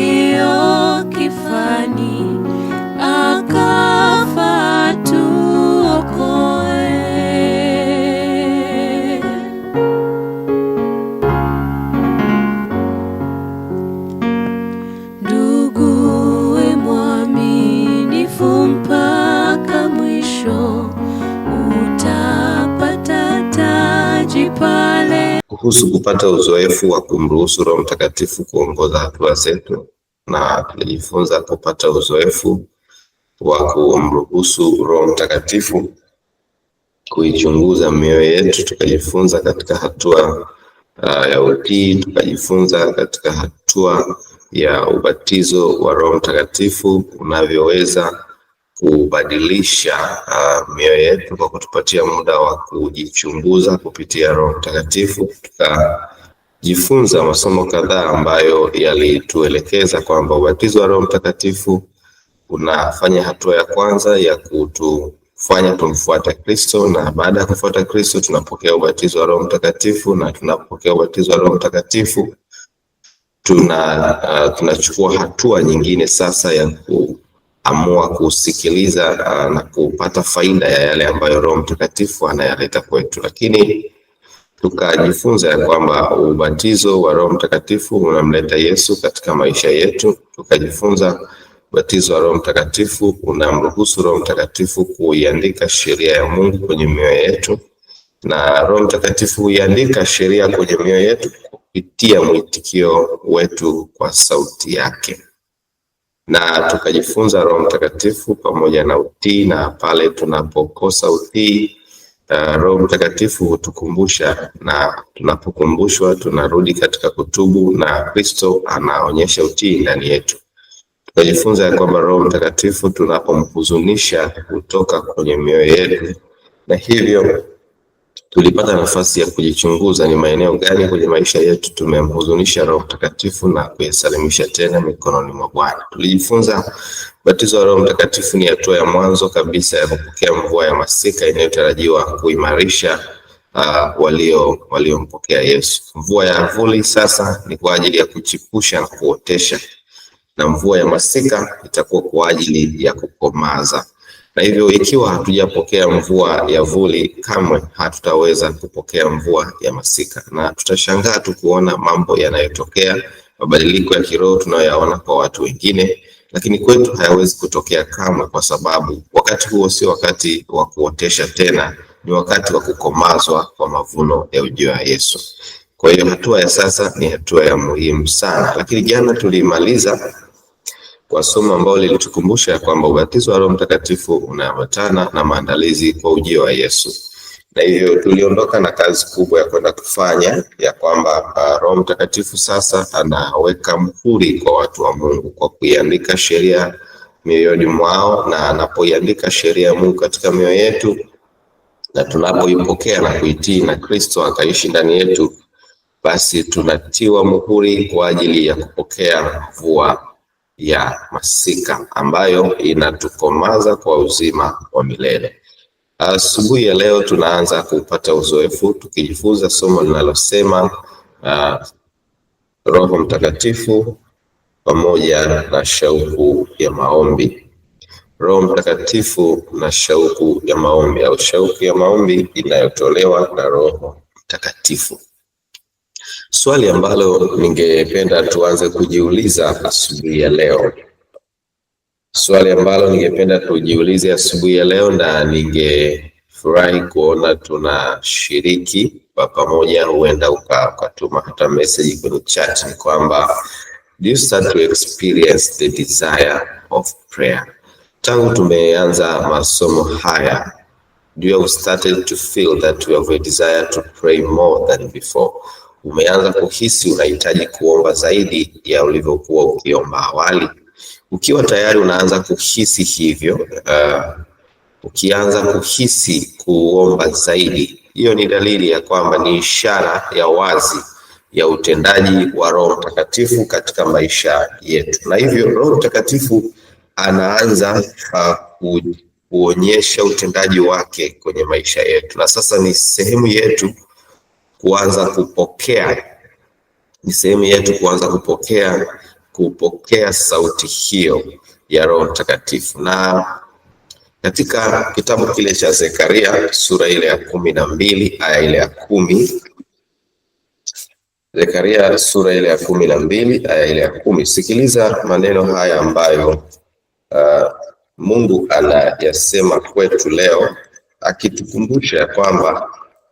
isiyo kifani kupata uzoefu wa kumruhusu Roho Mtakatifu kuongoza hatua zetu, na tulijifunza kupata uzoefu wa kumruhusu Roho Mtakatifu kuichunguza mioyo yetu, tukajifunza katika hatua uh, ya utii, tukajifunza katika hatua ya ubatizo wa Roho Mtakatifu unavyoweza kubadilisha uh, mioyo yetu kwa kutupatia muda wa kujichunguza kupitia Roho Mtakatifu. Tukajifunza masomo kadhaa ambayo yalituelekeza kwamba ubatizo wa Roho Mtakatifu unafanya hatua ya kwanza ya kutufanya tumfuata Kristo, na baada ya kufuata Kristo tunapokea ubatizo wa Roho Mtakatifu, na tunapokea ubatizo wa Roho Mtakatifu tuna uh, tunachukua hatua nyingine sasa ya ku amua kusikiliza uh, na kupata faida ya yale ambayo Roho Mtakatifu anayaleta kwetu. Lakini tukajifunza ya kwamba ubatizo wa Roho Mtakatifu unamleta Yesu katika maisha yetu. Tukajifunza ubatizo wa Roho Mtakatifu unamruhusu Roho Mtakatifu kuiandika sheria ya Mungu kwenye mioyo yetu, na Roho Mtakatifu huiandika sheria kwenye mioyo yetu kupitia mwitikio wetu kwa sauti yake na tukajifunza Roho Mtakatifu pamoja na utii, na pale tunapokosa utii uh, Roho Mtakatifu hutukumbusha, na tunapokumbushwa tunarudi katika kutubu, na Kristo anaonyesha utii ndani yetu. Tukajifunza ya kwamba Roho Mtakatifu tunapomhuzunisha hutoka kwenye mioyo yetu, na hivyo tulipata nafasi ya kujichunguza ni maeneo gani kwenye maisha yetu tumemhuzunisha Roho Mtakatifu na kuyasalimisha tena mikononi mwa Bwana. Tulijifunza batizo wa Roho Mtakatifu ni hatua ya mwanzo kabisa ya kupokea mvua ya masika inayotarajiwa kuimarisha uh, walio waliompokea Yesu. Mvua ya vuli sasa ni kwa ajili ya kuchipusha na kuotesha, na mvua ya masika itakuwa kwa ajili ya kukomaza na hivyo ikiwa hatujapokea mvua ya vuli, kamwe hatutaweza kupokea mvua ya masika, na tutashangaa tu kuona mambo yanayotokea, mabadiliko ya kiroho tunayoyaona kwa watu wengine, lakini kwetu hayawezi kutokea kamwe, kwa sababu wakati huo sio wakati wa kuotesha tena, ni wakati wa kukomazwa kwa mavuno ya ujio wa Yesu. Kwa hiyo hatua ya sasa ni hatua ya muhimu sana, lakini jana tuliimaliza kwa somo ambalo lilitukumbusha kwamba ubatizo wa Roho Mtakatifu unaambatana na maandalizi kwa ujio wa Yesu, na hivyo tuliondoka na kazi kubwa ya kwenda kufanya ya kwamba ah, Roho Mtakatifu sasa anaweka mhuri kwa watu wa Mungu kwa kuiandika sheria mioyoni mwao, na anapoiandika sheria ya Mungu katika mioyo yetu na tunapoipokea na kuitii na Kristo akaishi ndani yetu, basi tunatiwa muhuri kwa ajili ya kupokea mvua ya masika ambayo inatukomaza kwa uzima wa milele. Asubuhi ya leo tunaanza kupata uzoefu tukijifunza somo linalosema uh, Roho Mtakatifu pamoja na shauku ya maombi. Roho Mtakatifu na shauku ya maombi au shauku ya maombi inayotolewa na Roho Mtakatifu. Swali ambalo ningependa tuanze kujiuliza asubuhi ya leo, swali ambalo ningependa tujiulize asubuhi ya leo, na ningefurahi kuona tunashiriki kwa pamoja, huenda ukatuma hata meseji kwenye chat, ni kwamba do you start to experience the desire of prayer? Tangu tumeanza masomo haya do you have started to feel that you have a desire to pray more than before? Umeanza kuhisi unahitaji kuomba zaidi ya ulivyokuwa ukiomba awali? Ukiwa tayari unaanza kuhisi hivyo, uh, ukianza kuhisi kuomba zaidi, hiyo ni dalili ya kwamba ni ishara ya wazi ya utendaji wa Roho Mtakatifu katika maisha yetu, na hivyo Roho Mtakatifu anaanza uh, kuonyesha utendaji wake kwenye maisha yetu, na sasa ni sehemu yetu kuanza kupokea, ni sehemu yetu kuanza kupokea kupokea sauti hiyo ya Roho Mtakatifu. Na katika kitabu kile cha Zekaria sura ile ya kumi na mbili aya ile ya kumi Zekaria sura ile ya kumi na mbili aya ile ya kumi sikiliza maneno haya ambayo uh, Mungu anayasema kwetu leo akitukumbusha ya kwamba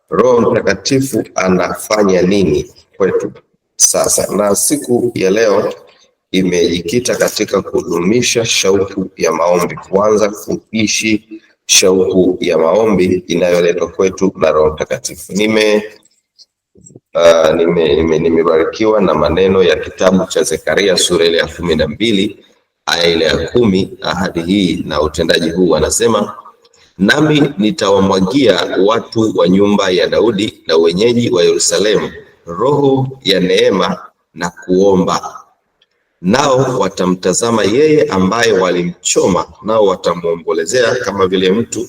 Roho Mtakatifu anafanya nini kwetu sasa? Na siku ya leo imejikita katika kudumisha shauku ya maombi, kuanza kuishi shauku ya maombi inayoletwa kwetu na Roho Mtakatifu. Nime uh, nimebarikiwa nime, nime na maneno ya kitabu cha Zekaria sura ile ya kumi na mbili aya ile ya kumi. Ahadi hii na utendaji huu anasema nami nitawamwagia watu wa nyumba ya Daudi na wenyeji wa Yerusalemu roho ya neema na kuomba, nao watamtazama yeye ambaye walimchoma, nao watamwombolezea kama vile mtu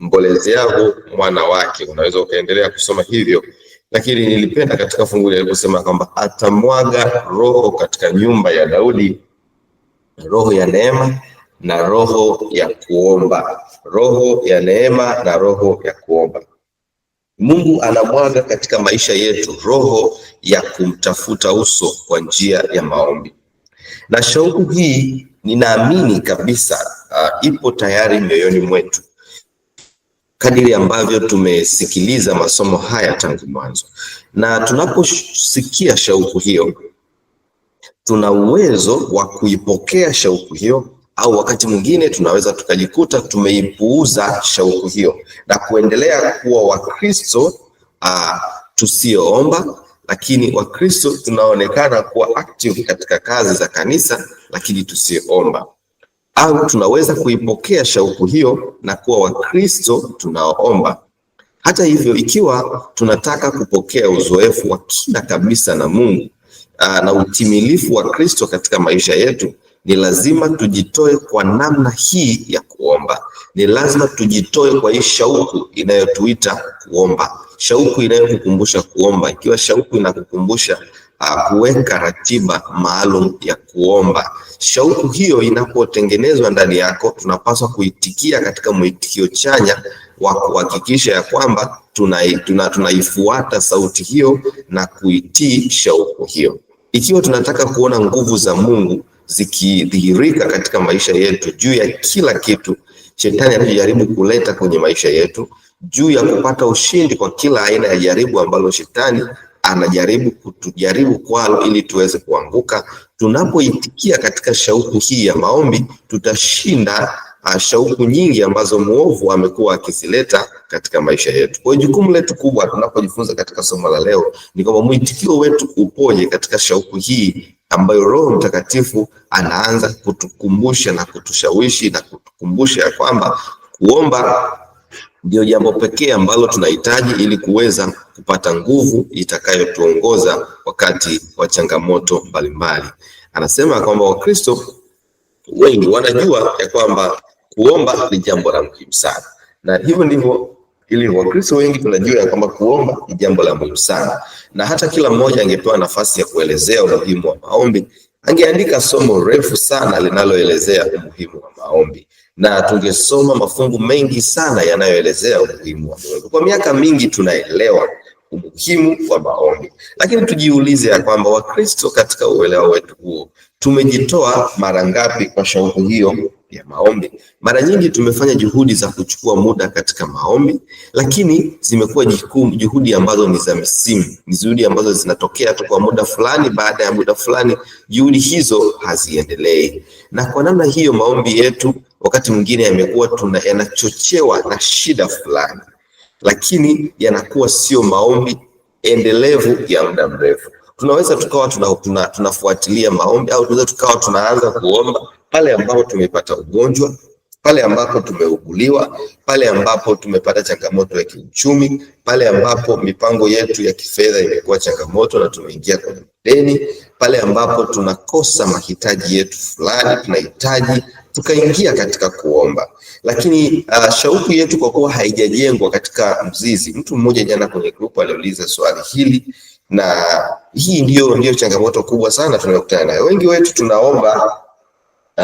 ambolezeavyo mwana wake. Unaweza ukaendelea kusoma hivyo, lakini nilipenda katika fungu hili aliposema kwamba atamwaga roho katika nyumba ya Daudi, roho ya neema na roho ya kuomba, roho ya neema na roho ya kuomba. Mungu anamwaga katika maisha yetu roho ya kumtafuta uso kwa njia ya maombi, na shauku hii ninaamini kabisa uh, ipo tayari mioyoni mwetu kadiri ambavyo tumesikiliza masomo haya tangu mwanzo, na tunaposikia shauku hiyo, tuna uwezo wa kuipokea shauku hiyo au wakati mwingine tunaweza tukajikuta tumeipuuza shauku hiyo na kuendelea kuwa Wakristo uh, tusioomba, lakini Wakristo tunaonekana kuwa active katika kazi za kanisa, lakini tusioomba. Au tunaweza kuipokea shauku hiyo na kuwa Wakristo tunaoomba. Hata hivyo, ikiwa tunataka kupokea uzoefu wa kina kabisa na Mungu uh, na utimilifu wa Kristo katika maisha yetu ni lazima tujitoe kwa namna hii ya kuomba. Ni lazima tujitoe kwa hii shauku inayotuita kuomba, shauku inayokukumbusha kuomba. Ikiwa shauku inakukumbusha ah, kuweka ratiba maalum ya kuomba, shauku hiyo inapotengenezwa ndani yako, tunapaswa kuitikia katika mwitikio chanya wa kuhakikisha ya kwamba tunaifuata tuna, tuna sauti hiyo na kuitii shauku hiyo. Ikiwa tunataka kuona nguvu za Mungu zikidhihirika katika maisha yetu, juu ya kila kitu shetani anajaribu kuleta kwenye maisha yetu, juu ya kupata ushindi kwa kila aina ya jaribu ambalo shetani anajaribu kutujaribu kwalo ili tuweze kuanguka. Tunapoitikia katika shauku hii ya maombi, tutashinda Ah, shauku nyingi ambazo mwovu amekuwa akizileta katika maisha yetu. Kwa jukumu letu kubwa tunapojifunza katika somo la leo ni kwamba mwitikio wetu upoje katika shauku hii ambayo Roho Mtakatifu anaanza kutukumbusha na kutushawishi na kutukumbusha ya kwamba kuomba ndio jambo pekee ambalo tunahitaji ili kuweza kupata nguvu itakayotuongoza wakati wa changamoto mbalimbali. Anasema kwamba Wakristo wengi wanajua ya kwamba Kuomba ni jambo la muhimu sana, na hivyo ndivyo ili Wakristo wengi tunajua ya kwamba kuomba ni jambo la muhimu sana, na hata kila mmoja angepewa nafasi ya kuelezea umuhimu wa maombi angeandika somo refu sana linaloelezea umuhimu wa maombi, na tungesoma mafungu mengi sana yanayoelezea umuhimu wa maombi. Kwa miaka mingi tunaelewa umuhimu wa maombi, lakini tujiulize ya kwamba Wakristo katika uelewa wetu huo tumejitoa mara ngapi kwa shauku hiyo ya maombi. Mara nyingi tumefanya juhudi za kuchukua muda katika maombi, lakini zimekuwa juhudi ambazo ni za misimu, ni juhudi ambazo zinatokea tu kwa muda fulani, baada ya muda fulani juhudi hizo haziendelei. Na kwa namna hiyo maombi yetu wakati mwingine yamekuwa tuna yanachochewa na shida fulani, lakini yanakuwa sio maombi endelevu ya muda mrefu. Tunaweza tukawa tunafuatilia tuna, tuna maombi au tunaweza tukawa tunaanza kuomba pale ambapo tumepata ugonjwa, pale ambapo tumeuguliwa, pale ambapo tumepata changamoto ya kiuchumi, pale ambapo mipango yetu ya kifedha imekuwa changamoto na tumeingia kwenye deni, pale ambapo tunakosa mahitaji yetu fulani, tunahitaji tukaingia katika kuomba. Lakini uh, shauku yetu kwa kuwa haijajengwa katika mzizi. Mtu mmoja jana kwenye grupu aliuliza swali hili, na hii ndio ndiyo changamoto kubwa sana tunayokutana nayo. Wengi wetu tunaomba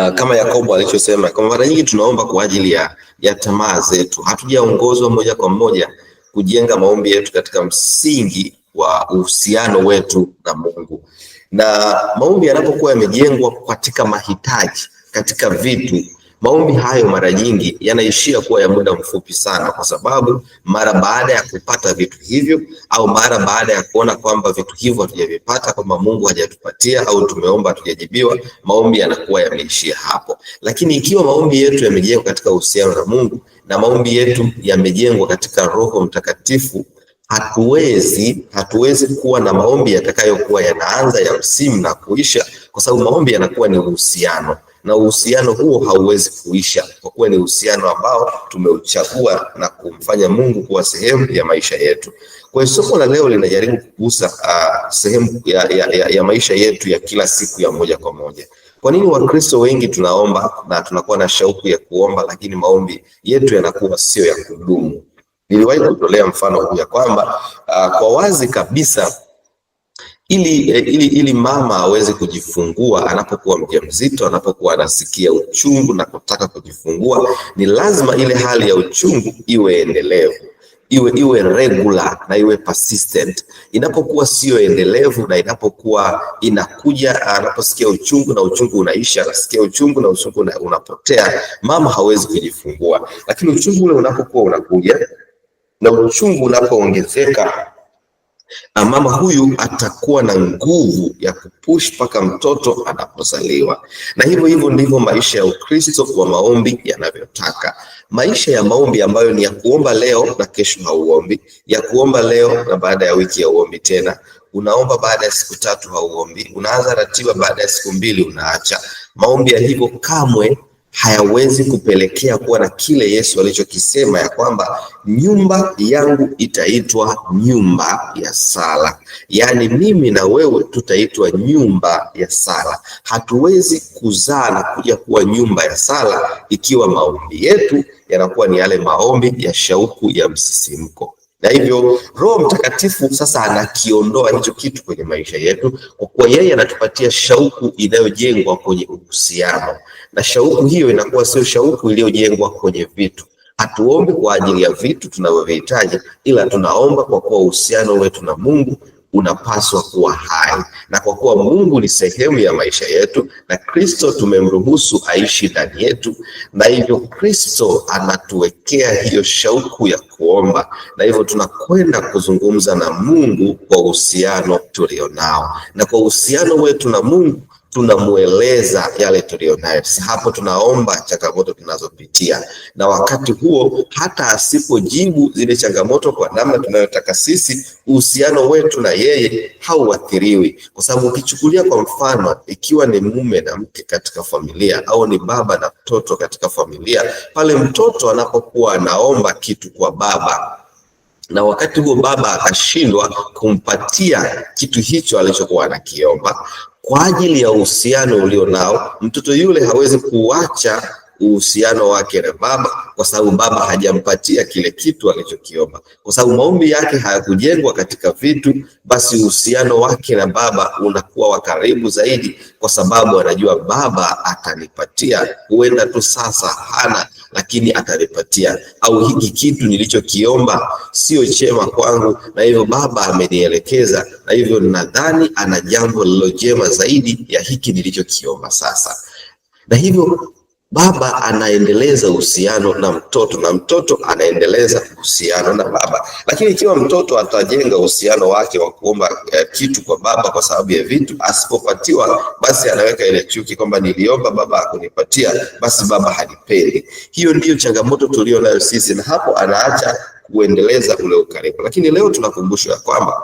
Ah, kama Yakobo alichosema, kwa mara nyingi tunaomba kwa ajili ya, ya tamaa zetu, hatujaongozwa moja kwa moja kujenga maombi yetu katika msingi wa uhusiano wetu na Mungu, na maombi yanapokuwa yamejengwa katika mahitaji, katika vitu Maombi hayo mara nyingi yanaishia kuwa ya muda mfupi sana, kwa sababu mara baada ya kupata vitu hivyo au mara baada ya kuona kwamba vitu hivyo hatujavipata, kwamba Mungu hajatupatia au tumeomba hatujajibiwa, maombi yanakuwa yameishia hapo. Lakini ikiwa maombi yetu yamejengwa katika uhusiano na Mungu na maombi yetu yamejengwa katika Roho Mtakatifu, hatuwezi hatuwezi kuwa na maombi yatakayokuwa yanaanza ya msimu na kuisha, kwa sababu maombi yanakuwa ni uhusiano na uhusiano huo hauwezi kuisha, kwa kuwa ni uhusiano ambao tumeuchagua na kumfanya Mungu kuwa sehemu ya maisha yetu. Kwa hiyo somo la leo linajaribu kugusa uh, sehemu ya, ya, ya, ya maisha yetu ya kila siku ya moja kwa moja. Kwa nini Wakristo wengi tunaomba na tunakuwa na shauku ya kuomba, lakini maombi yetu yanakuwa sio ya kudumu? Niliwahi kutolea mfano huu ya kwamba uh, kwa wazi kabisa ili, eh, ili, ili mama aweze kujifungua anapokuwa mjamzito, anapokuwa anasikia uchungu na kutaka kujifungua, ni lazima ile hali ya uchungu iwe endelevu, iwe iwe regular na iwe persistent. Inapokuwa siyo endelevu na inapokuwa inakuja, anaposikia uchungu na uchungu unaisha, anasikia uchungu na uchungu una, unapotea, mama hawezi kujifungua. Lakini uchungu ule unapokuwa unakuja na uchungu unapoongezeka mama huyu atakuwa na nguvu ya kupush mpaka mtoto anapozaliwa. Na hivyo hivyo ndivyo maisha ya Ukristo kwa maombi yanavyotaka, maisha ya maombi ambayo ni ya kuomba leo na kesho hauombi, ya kuomba leo na baada ya wiki ya uombi tena, unaomba baada ya siku tatu hauombi, unaanza ratiba baada ya siku mbili unaacha. Maombi ya hivyo kamwe hayawezi kupelekea kuwa na kile Yesu alichokisema ya kwamba nyumba yangu itaitwa nyumba ya sala. Yaani mimi na wewe tutaitwa nyumba ya sala. Hatuwezi kuzaa na kuja kuwa nyumba ya sala ikiwa maombi yetu yanakuwa ni yale maombi ya shauku ya msisimko na hivyo Roho Mtakatifu sasa anakiondoa hicho kitu kwenye maisha yetu, kwa kuwa yeye anatupatia shauku inayojengwa kwenye uhusiano, na shauku hiyo inakuwa sio shauku iliyojengwa kwenye vitu. Hatuombi kwa ajili ya vitu tunavyovihitaji, ila tunaomba kwa kuwa uhusiano wetu na Mungu unapaswa kuwa hai, na kwa kuwa Mungu ni sehemu ya maisha yetu na Kristo tumemruhusu aishi ndani yetu, na hivyo Kristo anatuwekea hiyo shauku ya kuomba, na hivyo tunakwenda kuzungumza na Mungu kwa uhusiano tulionao, na kwa uhusiano wetu na Mungu tunamweleza yale nayo Sasa hapo tunaomba changamoto tunazopitia, na wakati huo hata asipojibu zile changamoto kwa namna tunayotaka sisi, uhusiano wetu na yeye hauathiriwi, kwa sababu ukichukulia kwa mfano, ikiwa ni mume na mke katika familia au ni baba na mtoto katika familia, pale mtoto anapokuwa anaomba kitu kwa baba na wakati huo baba akashindwa kumpatia kitu hicho alichokuwa anakiomba. Kwa ajili ya uhusiano ulio nao, mtoto yule hawezi kuacha uhusiano wake na baba kwa sababu baba hajampatia kile kitu alichokiomba. Kwa sababu maombi yake hayakujengwa katika vitu, basi uhusiano wake na baba unakuwa wa karibu zaidi, kwa sababu anajua baba atanipatia. Huenda tu sasa hana lakini atanipatia, au hiki kitu nilichokiomba sio chema kwangu, na hivyo Baba amenielekeza, na hivyo nadhani ana jambo lililo jema zaidi ya hiki nilichokiomba sasa. Na hivyo baba anaendeleza uhusiano na mtoto na mtoto anaendeleza uhusiano na baba. Lakini ikiwa mtoto atajenga uhusiano wake wa kuomba eh, kitu kwa baba kwa sababu ya vitu, asipopatiwa basi anaweka ile chuki kwamba niliomba baba akunipatia, basi baba halipendi. Hiyo ndiyo changamoto tulio nayo sisi, na hapo anaacha kuendeleza ule ukaribu. Lakini leo tunakumbushwa kwamba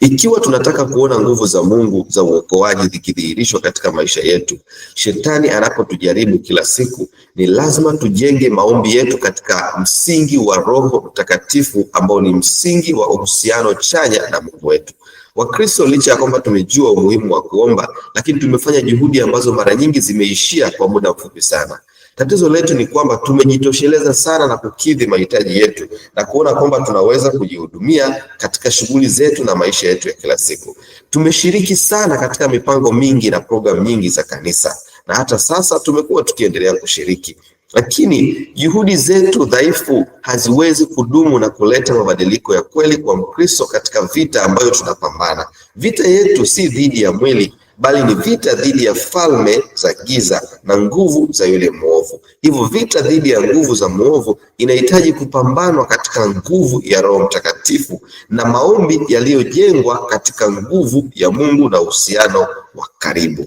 ikiwa tunataka kuona nguvu za Mungu za uokoaji zikidhihirishwa katika maisha yetu, shetani anapotujaribu kila siku, ni lazima tujenge maombi yetu katika msingi wa Roho Mtakatifu ambao ni msingi wa uhusiano chanya na Mungu wetu. Wakristo, licha ya kwamba tumejua umuhimu wa kuomba, lakini tumefanya juhudi ambazo mara nyingi zimeishia kwa muda mfupi sana. Tatizo letu ni kwamba tumejitosheleza sana na kukidhi mahitaji yetu na kuona kwamba tunaweza kujihudumia katika shughuli zetu na maisha yetu ya kila siku. Tumeshiriki sana katika mipango mingi na programu nyingi za kanisa na hata sasa tumekuwa tukiendelea kushiriki, lakini juhudi zetu dhaifu haziwezi kudumu na kuleta mabadiliko ya kweli kwa Mkristo katika vita ambayo tunapambana. Vita yetu si dhidi ya mwili bali ni vita dhidi ya falme za giza na nguvu za yule mwovu. Hivyo vita dhidi ya nguvu za mwovu inahitaji kupambanwa katika nguvu ya Roho Mtakatifu na maombi yaliyojengwa katika nguvu ya Mungu na uhusiano wa karibu.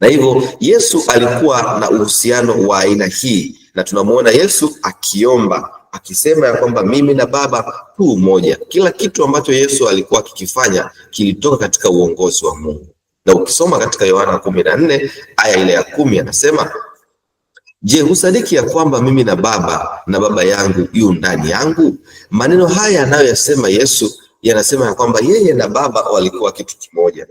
Na hivyo Yesu alikuwa na uhusiano wa aina hii, na tunamwona Yesu akiomba akisema ya kwamba mimi na Baba tu moja Kila kitu ambacho Yesu alikuwa akikifanya kilitoka katika uongozi wa Mungu na ukisoma katika Yohana kumi na nne aya ile ya kumi anasema Je, husadiki ya kwamba mimi na Baba na Baba yangu yu ndani yangu? Maneno haya anayoyasema Yesu yanasema ya kwamba yeye na Baba walikuwa kitu kimoja,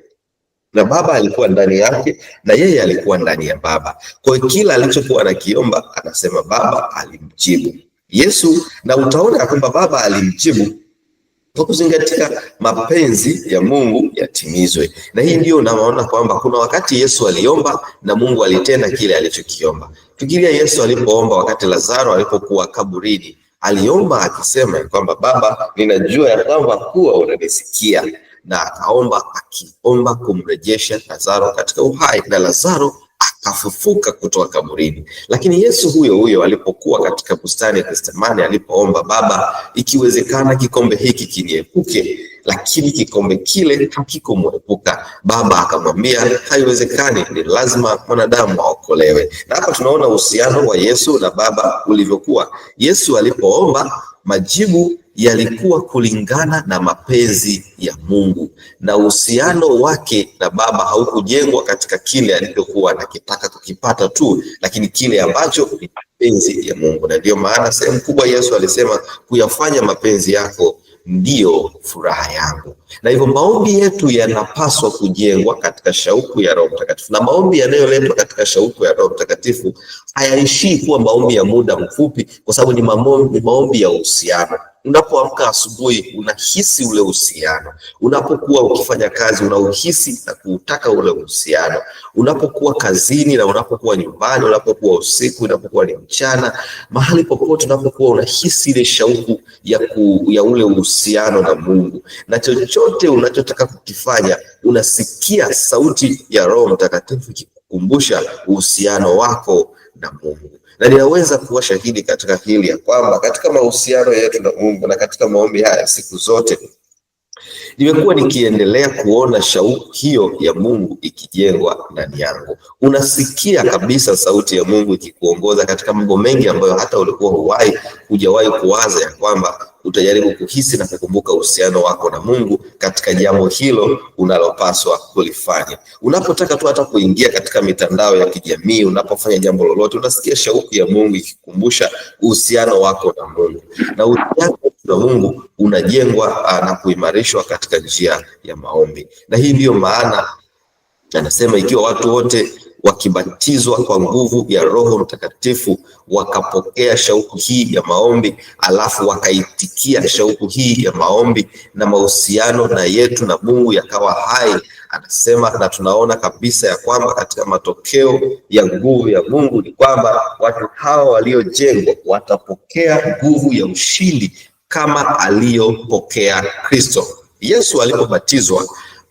na Baba alikuwa ndani yake na yeye alikuwa ndani ya Baba. Kwa hiyo kila alichokuwa anakiomba anasema Baba alimjibu Yesu, na utaona ya kwamba Baba alimjibu kwa kuzingatia mapenzi ya Mungu yatimizwe. Na hii ndiyo naona kwamba kuna wakati Yesu aliomba na Mungu alitenda kile alichokiomba. Fikiria Yesu alipoomba wakati Lazaro alipokuwa kaburini, aliomba akisema kwamba Baba, ninajua ya kwamba kuwa unanisikia, na akaomba akiomba kumrejesha Lazaro katika uhai, na Lazaro kafufuka kutoka kaburini. Lakini Yesu huyo huyo alipokuwa katika bustani ya Getsemane, alipoomba Baba, ikiwezekana kikombe hiki kiniepuke, lakini kikombe kile hakikumwepuka. Baba akamwambia, haiwezekani, ni lazima mwanadamu aokolewe. Na hapa tunaona uhusiano wa Yesu na Baba ulivyokuwa. Yesu alipoomba majibu yalikuwa kulingana na mapenzi ya Mungu, na uhusiano wake na Baba haukujengwa katika kile alichokuwa anakitaka kukipata tu, lakini kile ambacho ni mapenzi ya Mungu. Na ndiyo maana sehemu kubwa Yesu alisema kuyafanya mapenzi yako ndiyo furaha yangu. Na hivyo maombi yetu yanapaswa kujengwa katika shauku ya Roho Mtakatifu, na maombi yanayoletwa katika shauku ya Roho Mtakatifu hayaishii kuwa maombi ya muda mfupi, kwa sababu ni maombi ya uhusiano unapoamka asubuhi unahisi ule uhusiano, unapokuwa ukifanya kazi unauhisi na kuutaka ule uhusiano, unapokuwa kazini na unapokuwa nyumbani, unapokuwa usiku, unapokuwa ni mchana, mahali popote unapokuwa unahisi ile shauku ya, ku, ya ule uhusiano na Mungu, na chochote unachotaka kukifanya unasikia sauti ya Roho Mtakatifu ikikukumbusha uhusiano wako na Mungu na ninaweza kuwa shahidi katika hili ya kwamba katika mahusiano yetu na Mungu na katika maombi haya siku zote nimekuwa nikiendelea kuona shauku hiyo ya Mungu ikijengwa ndani yangu. Unasikia kabisa sauti ya Mungu ikikuongoza katika mambo mengi ambayo hata ulikuwa huwahi hujawahi kuwaza ya kwamba utajaribu kuhisi na kukumbuka uhusiano wako na Mungu katika jambo hilo unalopaswa kulifanya. Unapotaka tu hata kuingia katika mitandao ya kijamii, unapofanya jambo lolote, unasikia shauku ya Mungu ikikumbusha uhusiano wako na Mungu, na uhusiano na Mungu unajengwa ah, na kuimarishwa katika njia ya maombi, na hii ndiyo maana anasema ikiwa watu wote wakibatizwa kwa nguvu ya Roho Mtakatifu wakapokea shauku hii ya maombi, alafu wakaitikia shauku hii ya maombi, na mahusiano na yetu na Mungu yakawa hai. Anasema, na tunaona kabisa ya kwamba katika matokeo ya nguvu ya Mungu ni kwamba watu hawa waliojengwa watapokea nguvu ya ushindi kama aliyopokea Kristo. Yesu alipobatizwa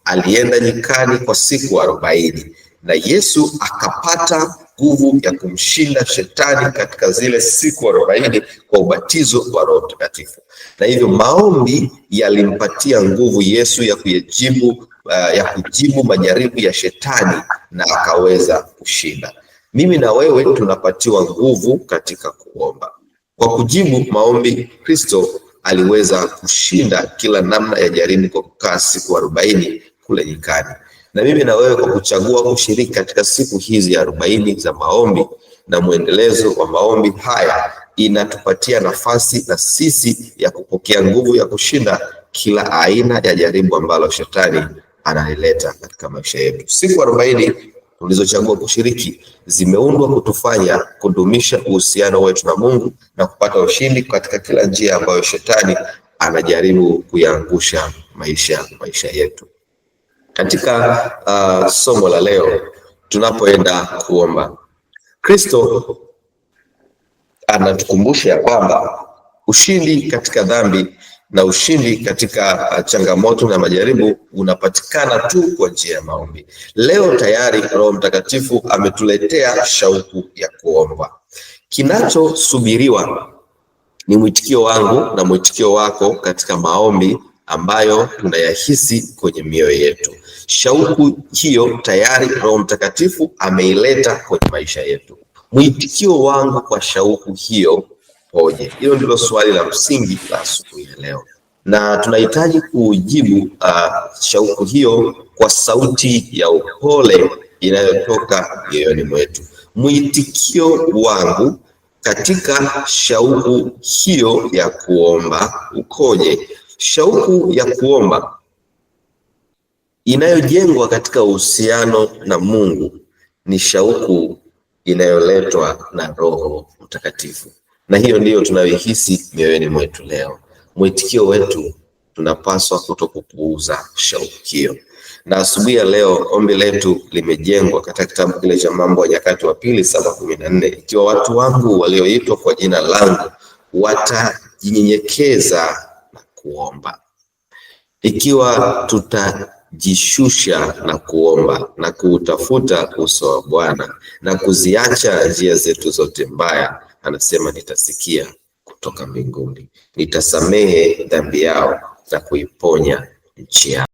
alienda nyikani kwa siku arobaini na Yesu akapata nguvu ya kumshinda shetani katika zile siku arobaini kwa ubatizo wa Roho Mtakatifu, na hivyo maombi yalimpatia nguvu Yesu ya kujibu, uh, ya kujibu majaribu ya shetani na akaweza kushinda. Mimi na wewe tunapatiwa nguvu katika kuomba. Kwa kujibu maombi, Kristo aliweza kushinda kila namna ya jaribu kwa kukaa siku arobaini kule nyikani. Na mimi na wewe kwa kuchagua kushiriki katika siku hizi arobaini za maombi na mwendelezo wa maombi haya, inatupatia nafasi na sisi ya kupokea nguvu ya kushinda kila aina ya jaribu ambalo shetani analileta katika maisha yetu. Siku arobaini tulizochagua kushiriki zimeundwa kutufanya kudumisha uhusiano wetu na Mungu na kupata ushindi katika kila njia ambayo shetani anajaribu kuyaangusha maisha maisha yetu. Katika uh, somo la leo tunapoenda kuomba, Kristo anatukumbusha ya kwamba ushindi katika dhambi na ushindi katika uh, changamoto na majaribu unapatikana tu kwa njia ya maombi. Leo tayari Roho Mtakatifu ametuletea shauku ya kuomba. Kinachosubiriwa ni mwitikio wangu na mwitikio wako katika maombi ambayo tunayahisi kwenye mioyo yetu. Shauku hiyo tayari Roho Mtakatifu ameileta kwenye maisha yetu. Mwitikio wangu kwa shauku hiyo poje? Hilo ndilo swali la msingi la asubuhi ya leo, na tunahitaji kujibu uh, shauku hiyo kwa sauti ya upole inayotoka mioyoni mwetu. Mwitikio wangu katika shauku hiyo ya kuomba ukoje? Shauku ya kuomba inayojengwa katika uhusiano na Mungu ni shauku inayoletwa na Roho Mtakatifu, na hiyo ndiyo tunayohisi mioyoni mwetu leo. Mwitikio wetu, tunapaswa kutokupuuza shauku hiyo. Na asubuhi ya leo ombi letu limejengwa katika kitabu kile cha Mambo ya Nyakati wa Pili saba kumi na nne ikiwa watu wangu walioitwa kwa jina langu watajinyenyekeza kuomba. Ikiwa tutajishusha na kuomba na kuutafuta uso wa Bwana na kuziacha njia zetu zote mbaya, anasema nitasikia kutoka mbinguni, nitasamehe dhambi yao na kuiponya nchi yao.